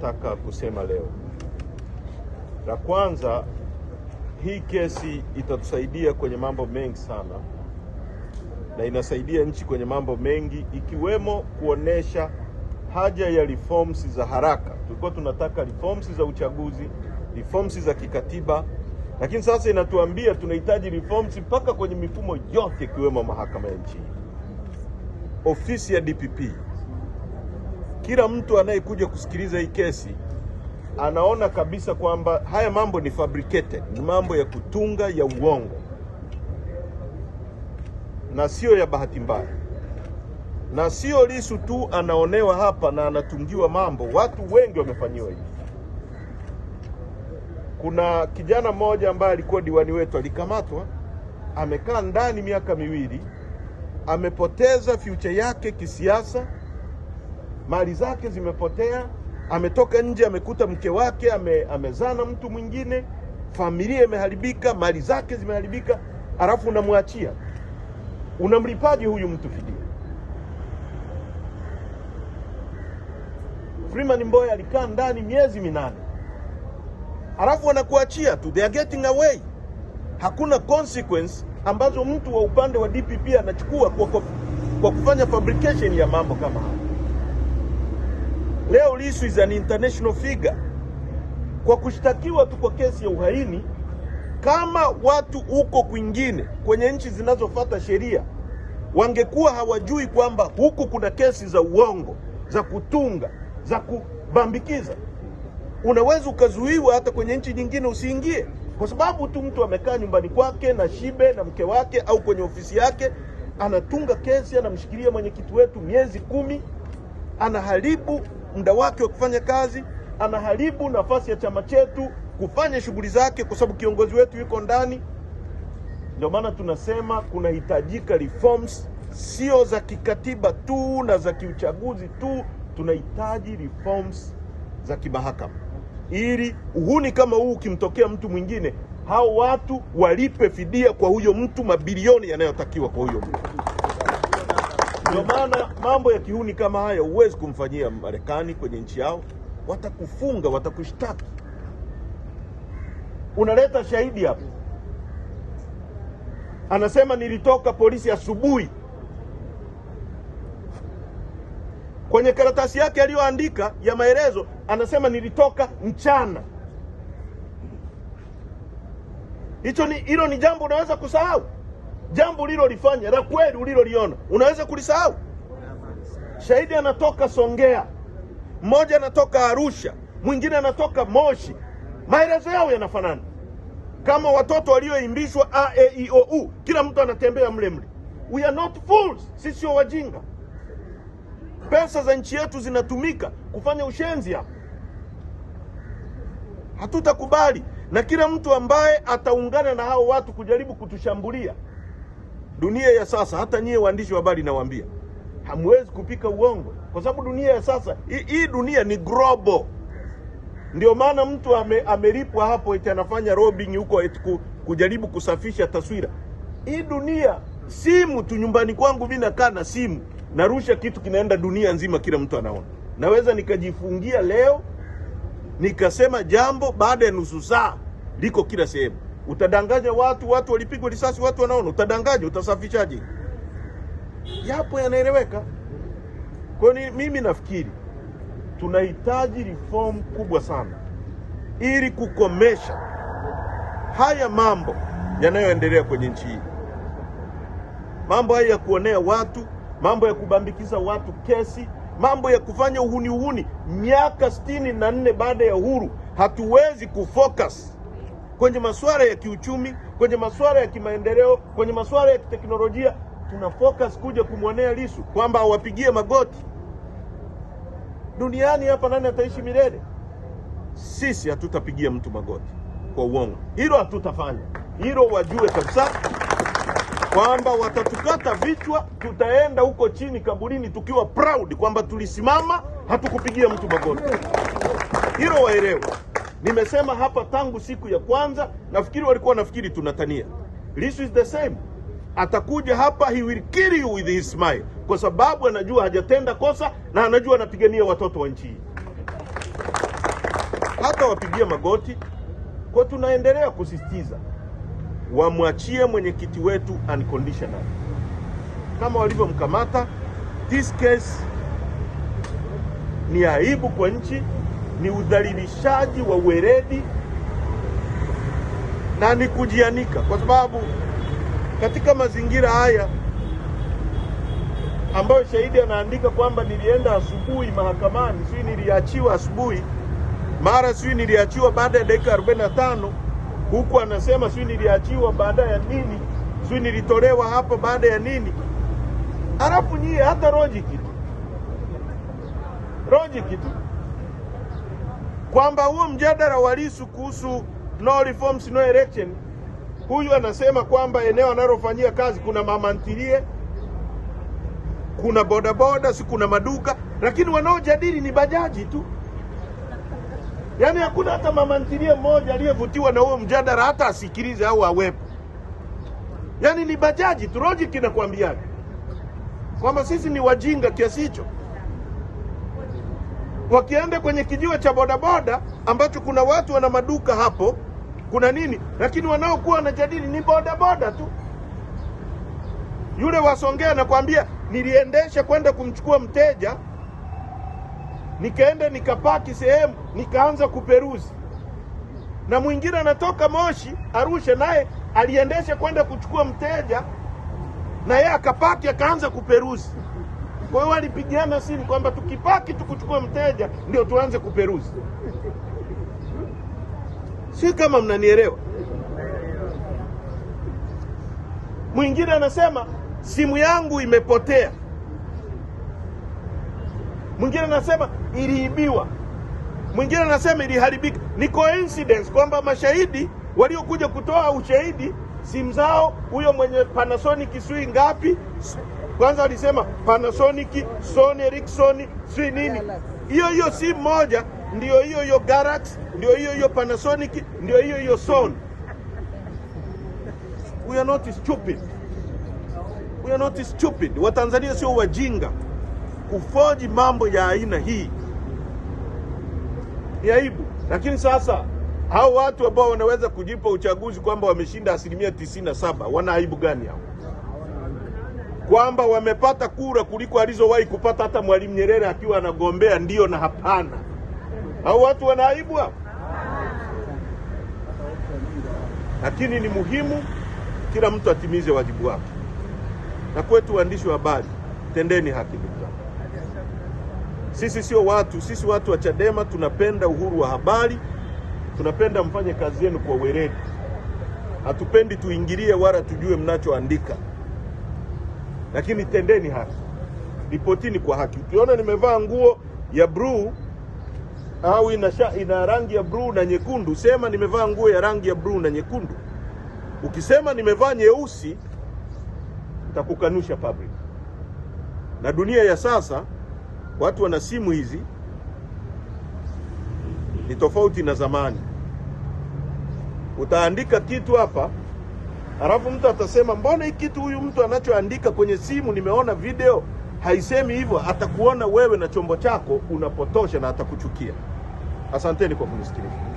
Nataka kusema leo, la kwanza, hii kesi itatusaidia kwenye mambo mengi sana, na inasaidia nchi kwenye mambo mengi, ikiwemo kuonesha haja ya reforms za haraka. Tulikuwa tunataka reforms za uchaguzi, reforms za kikatiba, lakini sasa inatuambia tunahitaji reforms mpaka kwenye mifumo yote, ikiwemo mahakama ya nchi, ofisi ya DPP kila mtu anayekuja kusikiliza hii kesi anaona kabisa kwamba haya mambo ni fabricated, ni mambo ya kutunga ya uongo na sio ya bahati mbaya, na sio Lissu tu anaonewa hapa na anatungiwa mambo. Watu wengi wamefanyiwa hivi. Kuna kijana mmoja ambaye alikuwa diwani wetu alikamatwa, amekaa ndani miaka miwili, amepoteza future yake kisiasa mali zake zimepotea, ametoka nje, amekuta mke wake ame, amezana mtu mwingine, familia imeharibika, mali zake zimeharibika, alafu unamwachia. Unamlipaje huyu mtu fidia? Freeman Mbowe alikaa ndani miezi minane, alafu wanakuachia tu, they are getting away. Hakuna consequence ambazo mtu wa upande wa DPP anachukua kwa, kwa, kwa kufanya fabrication ya mambo kama haya. Leo Lissu is an international figure kwa kushtakiwa tu kwa kesi ya uhaini. Kama watu huko kwingine kwenye nchi zinazofuata sheria wangekuwa hawajui kwamba huku kuna kesi za uongo, za kutunga, za kubambikiza, unaweza ukazuiwa hata kwenye nchi nyingine usiingie, kwa sababu tu mtu amekaa nyumbani kwake na shibe na mke wake au kwenye ofisi yake anatunga kesi, anamshikilia mwenyekiti wetu miezi kumi, anaharibu muda wake wa kufanya kazi, anaharibu nafasi ya chama chetu kufanya shughuli zake, kwa sababu kiongozi wetu yuko ndani. Ndio maana tunasema kunahitajika reforms, sio za kikatiba tu na za kiuchaguzi tu, tunahitaji reforms za kimahakama, ili uhuni kama huu ukimtokea mtu mwingine, hao watu walipe fidia kwa huyo mtu, mabilioni yanayotakiwa kwa huyo mtu. Ndio maana mambo ya kihuni kama haya huwezi kumfanyia Marekani kwenye nchi yao, watakufunga, watakushtaki. Unaleta shahidi hapa, anasema nilitoka polisi asubuhi. Kwenye karatasi yake aliyoandika ya, ya maelezo anasema nilitoka mchana. Hicho ni hilo ni jambo unaweza kusahau? jambo ulilolifanya la kweli uliloliona unaweza kulisahau? Shahidi anatoka Songea, mmoja anatoka Arusha, mwingine anatoka Moshi. Maelezo yao yanafanana kama watoto walioimbishwa a e i o u, kila mtu anatembea mle mle. We are not fools, sisi sio wajinga. Pesa za nchi yetu zinatumika kufanya ushenzi hapa, hatutakubali. Na kila mtu ambaye ataungana na hao watu kujaribu kutushambulia Dunia ya sasa, hata nyie waandishi wa habari nawaambia, hamwezi kupika uongo, kwa sababu dunia ya sasa hii dunia ni grobo. Ndio maana mtu ame, amelipwa hapo eti anafanya robbing huko eti ku, kujaribu kusafisha taswira hii dunia. Simu tu nyumbani kwangu mimi nakaa na simu, narusha kitu kinaenda dunia nzima, kila mtu anaona. Naweza nikajifungia leo nikasema jambo, baada ya nusu saa liko kila sehemu. Utadanganya watu, watu walipigwa risasi, watu wanaona, utadanganya, utasafishaje? Yapo yanaeleweka. Kwa hiyo mimi nafikiri tunahitaji reform kubwa sana ili kukomesha haya mambo yanayoendelea kwenye nchi hii, mambo haya ya kuonea watu, mambo ya kubambikiza watu kesi, mambo ya kufanya uhuni uhuni. Miaka sitini na nne baada ya uhuru hatuwezi kufocus kwenye masuala ya kiuchumi, kwenye masuala ya kimaendeleo, kwenye masuala ya kiteknolojia. Tuna focus kuja kumwonea lisu kwamba awapigie magoti. Duniani hapa nani ataishi milele? Sisi hatutapigia mtu magoti kwa uongo, hilo hatutafanya. Hilo wajue kabisa kwamba watatukata vichwa, tutaenda huko chini kaburini tukiwa proud kwamba tulisimama, hatukupigia mtu magoti. Hilo waelewe. Nimesema hapa tangu siku ya kwanza, nafikiri walikuwa nafikiri tunatania. Lissu is the same, atakuja hapa, he will kill you with his smile, kwa sababu anajua hajatenda kosa na anajua anapigania watoto wa nchi hii. Hata wapigia magoti kwa, tunaendelea kusisitiza wamwachie mwenyekiti wetu unconditional kama walivyomkamata. This case ni aibu kwa nchi ni udhalilishaji wa weredi na ni kujianika, kwa sababu katika mazingira haya ambayo shahidi anaandika kwamba nilienda asubuhi mahakamani, sijui niliachiwa asubuhi, mara sijui niliachiwa baada ya dakika 45, huku anasema sijui niliachiwa baada ya nini, sijui nilitolewa hapa baada ya nini. Halafu nyie hata rojiki tu, rojiki tu kwamba huo mjadala wa Lissu kuhusu no reforms no election, huyu anasema kwamba eneo analofanyia kazi kuna mama ntilie, kuna bodaboda, si kuna maduka, lakini wanaojadili ni bajaji tu. Yaani hakuna hata mama ntilie mmoja aliyevutiwa na huo mjadala hata asikilize au awepo. Yaani ni bajaji tu, logic inakwambiaje kwamba sisi ni wajinga kiasi hicho wakienda kwenye kijiwe cha bodaboda ambacho kuna watu wana maduka hapo, kuna nini, lakini wanaokuwa wanajadili ni bodaboda tu. Yule wasongea anakwambia niliendesha kwenda kumchukua mteja, nikaenda nikapaki sehemu, nikaanza kuperuzi, na mwingine anatoka Moshi Arusha, naye aliendesha kwenda kuchukua mteja, na yeye akapaki akaanza kuperuzi. Kwa hiyo walipigana simu kwamba tukipaki tukuchukua mteja ndio tuanze kuperuzi. Si kama mnanielewa? Mwingine anasema simu yangu imepotea, mwingine anasema iliibiwa, mwingine anasema iliharibika. Ni coincidence kwamba mashahidi waliokuja kutoa ushahidi simu zao, huyo mwenye Panasonic sijui ngapi kwanza alisema Panasonic, Sony, Ericsson, si nini, hiyo hiyo si moja, ndio hiyo hiyo Galaxy, ndio hiyo hiyo Panasonic, ndio hiyo hiyo Sony. We are not stupid. We are not stupid. Watanzania sio wajinga kufoji mambo ya aina hii, ni aibu. Lakini sasa hao watu ambao wanaweza kujipa uchaguzi kwamba wameshinda asilimia tisini na saba wana aibu gani hao? kwamba wamepata kura kuliko alizowahi kupata hata Mwalimu Nyerere akiwa anagombea ndio na hapana. Au watu wanaaibwa? Lakini ni muhimu kila mtu atimize wajibu wake. Na kwetu waandishi wa habari, tendeni haki Sisi sio watu, sisi watu wa Chadema tunapenda uhuru wa habari, tunapenda mfanye kazi yenu kwa weledi, hatupendi tuingilie wala tujue mnachoandika lakini tendeni haki, ripotini kwa haki. Ukiona nimevaa nguo ya bluu au ina, ina rangi ya bluu na nyekundu, sema nimevaa nguo ya rangi ya bluu na nyekundu. Ukisema nimevaa nyeusi, takukanusha public. Na dunia ya sasa watu wana simu hizi, ni tofauti na zamani. Utaandika kitu hapa alafu mtu atasema mbona hii kitu huyu mtu anachoandika kwenye simu, nimeona video haisemi hivyo. Atakuona wewe na chombo chako unapotosha, na atakuchukia. Asanteni kwa kunisikiliza.